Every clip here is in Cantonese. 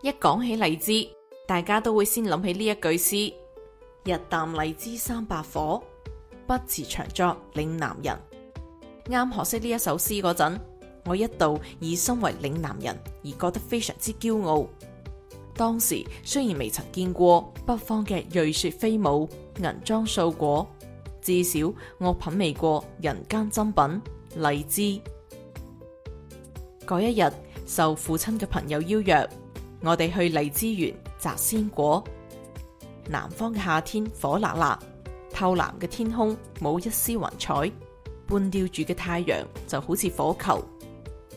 一講起荔枝，大家都會先諗起呢一句詩：日啖荔枝三百顆，不辭長作嶺南人。啱學識呢一首詩嗰陣，我一度以身為嶺南人而覺得非常之驕傲。當時雖然未曾見過北方嘅瑞雪飛舞、銀裝素裹，至少我品味過人間珍品荔枝。嗰一日，受父親嘅朋友邀約。我哋去荔枝園摘鮮果，南方嘅夏天火辣辣，透藍嘅天空冇一絲雲彩，半吊住嘅太陽就好似火球。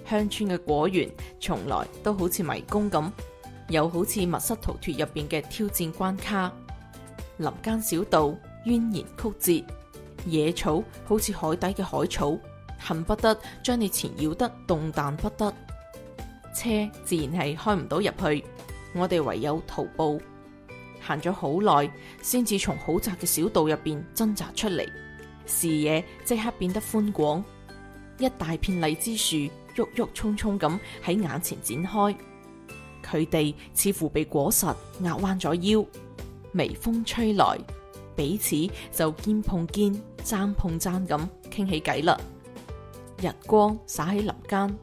鄉村嘅果園從來都好似迷宮咁，又好似密室逃脱入邊嘅挑戰關卡。林間小道蜿蜒曲折，野草好似海底嘅海草，恨不得將你纏繞得動彈不得。車自然係開唔到入去，我哋唯有徒步行咗好耐，先至從好窄嘅小道入邊掙扎出嚟。視野即刻變得寬廣，一大片荔枝樹鬱鬱蔥蔥咁喺眼前展開，佢哋似乎被果實壓彎咗腰。微風吹來，彼此就肩碰肩、踭碰踭咁傾起偈啦。日光灑喺林間。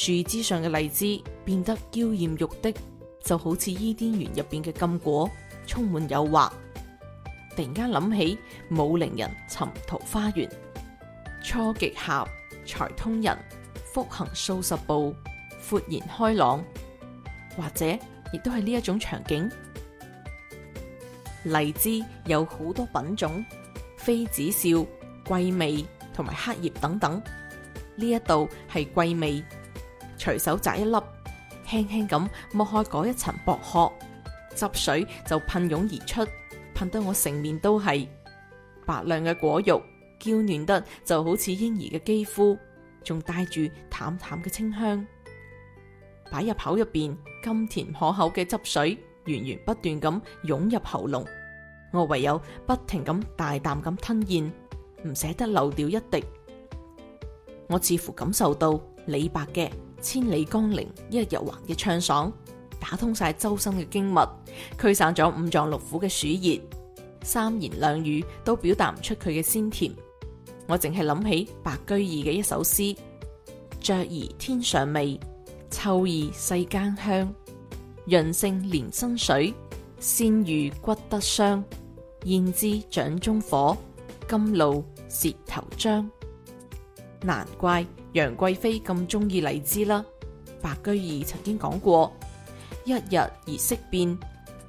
樹枝上嘅荔枝變得嬌艷欲滴，就好似伊甸園入邊嘅禁果，充滿誘惑。突然間諗起武陵人尋桃花源，初極狹，才通人，復行數十步，豁然開朗。或者亦都係呢一種場景。荔枝有好多品種，妃子笑、桂味同埋黑葉等等。呢一度係桂味。隨手摘一粒，輕輕咁剝開嗰一層薄殼，汁水就噴湧而出，噴得我成面都係白亮嘅果肉，嬌嫩得就好似嬰兒嘅肌膚，仲帶住淡淡嘅清香。擺入口入邊，甘甜可口嘅汁水源源不斷咁湧入喉嚨，我唯有不停咁大啖咁吞咽，唔捨得漏掉一滴。我似乎感受到李白嘅千里江陵一日還嘅暢爽，打通晒周身嘅經脈，驅散咗五臟六腑嘅暑熱，三言兩語都表達唔出佢嘅鮮甜。我淨係諗起白居易嘅一首詩：嚼疑天上味，嗅異世間香，潤勝蓮生水，鮮逾橘得霜。燕脂掌中火，甘露舌頭漿。難怪。楊貴妃咁中意荔枝啦，白居易曾經講過：一日而色變，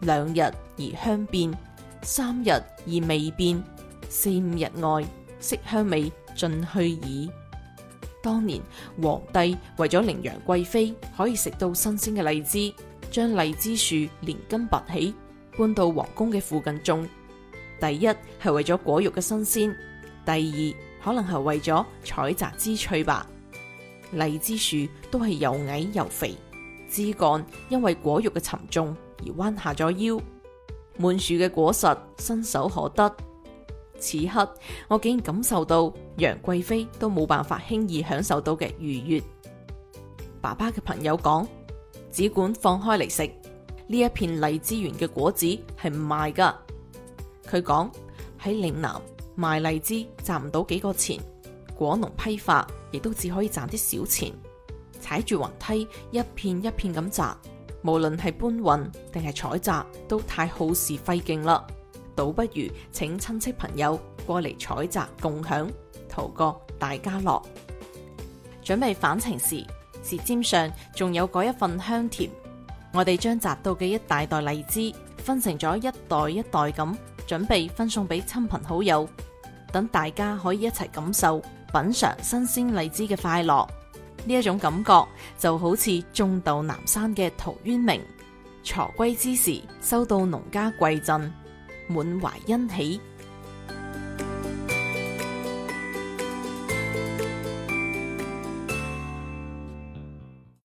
兩日而香變，三日而味變，四五日外，色香味盡去矣。當年皇帝為咗令楊貴妃可以食到新鮮嘅荔枝，將荔枝樹連根拔起，搬到皇宮嘅附近種。第一係為咗果肉嘅新鮮，第二。可能係為咗採摘之趣吧。荔枝樹都係又矮又肥，枝幹因為果肉嘅沉重而彎下咗腰。滿樹嘅果實伸手可得。此刻我竟然感受到楊貴妃都冇辦法輕易享受到嘅愉悅。爸爸嘅朋友講，只管放開嚟食，呢一片荔枝園嘅果子係唔賣㗎。佢講，喺嶺南。賣荔枝賺唔到幾個錢，果農批發亦都只可以賺啲小錢。踩住雲梯一片一片咁摘，無論係搬運定係採摘，都太耗時費勁啦。倒不如請親戚朋友過嚟採摘共享，圖個大家樂。準備返程時，舌尖上仲有嗰一份香甜。我哋將摘到嘅一大袋荔枝分成咗一袋一袋咁，準備分送俾親朋好友。等大家可以一齊感受，品嘗新鮮荔枝嘅快樂，呢一種感覺就好似種豆南山嘅陶淵明，鋤歸之時，收到農家饋贈，滿懷欣喜。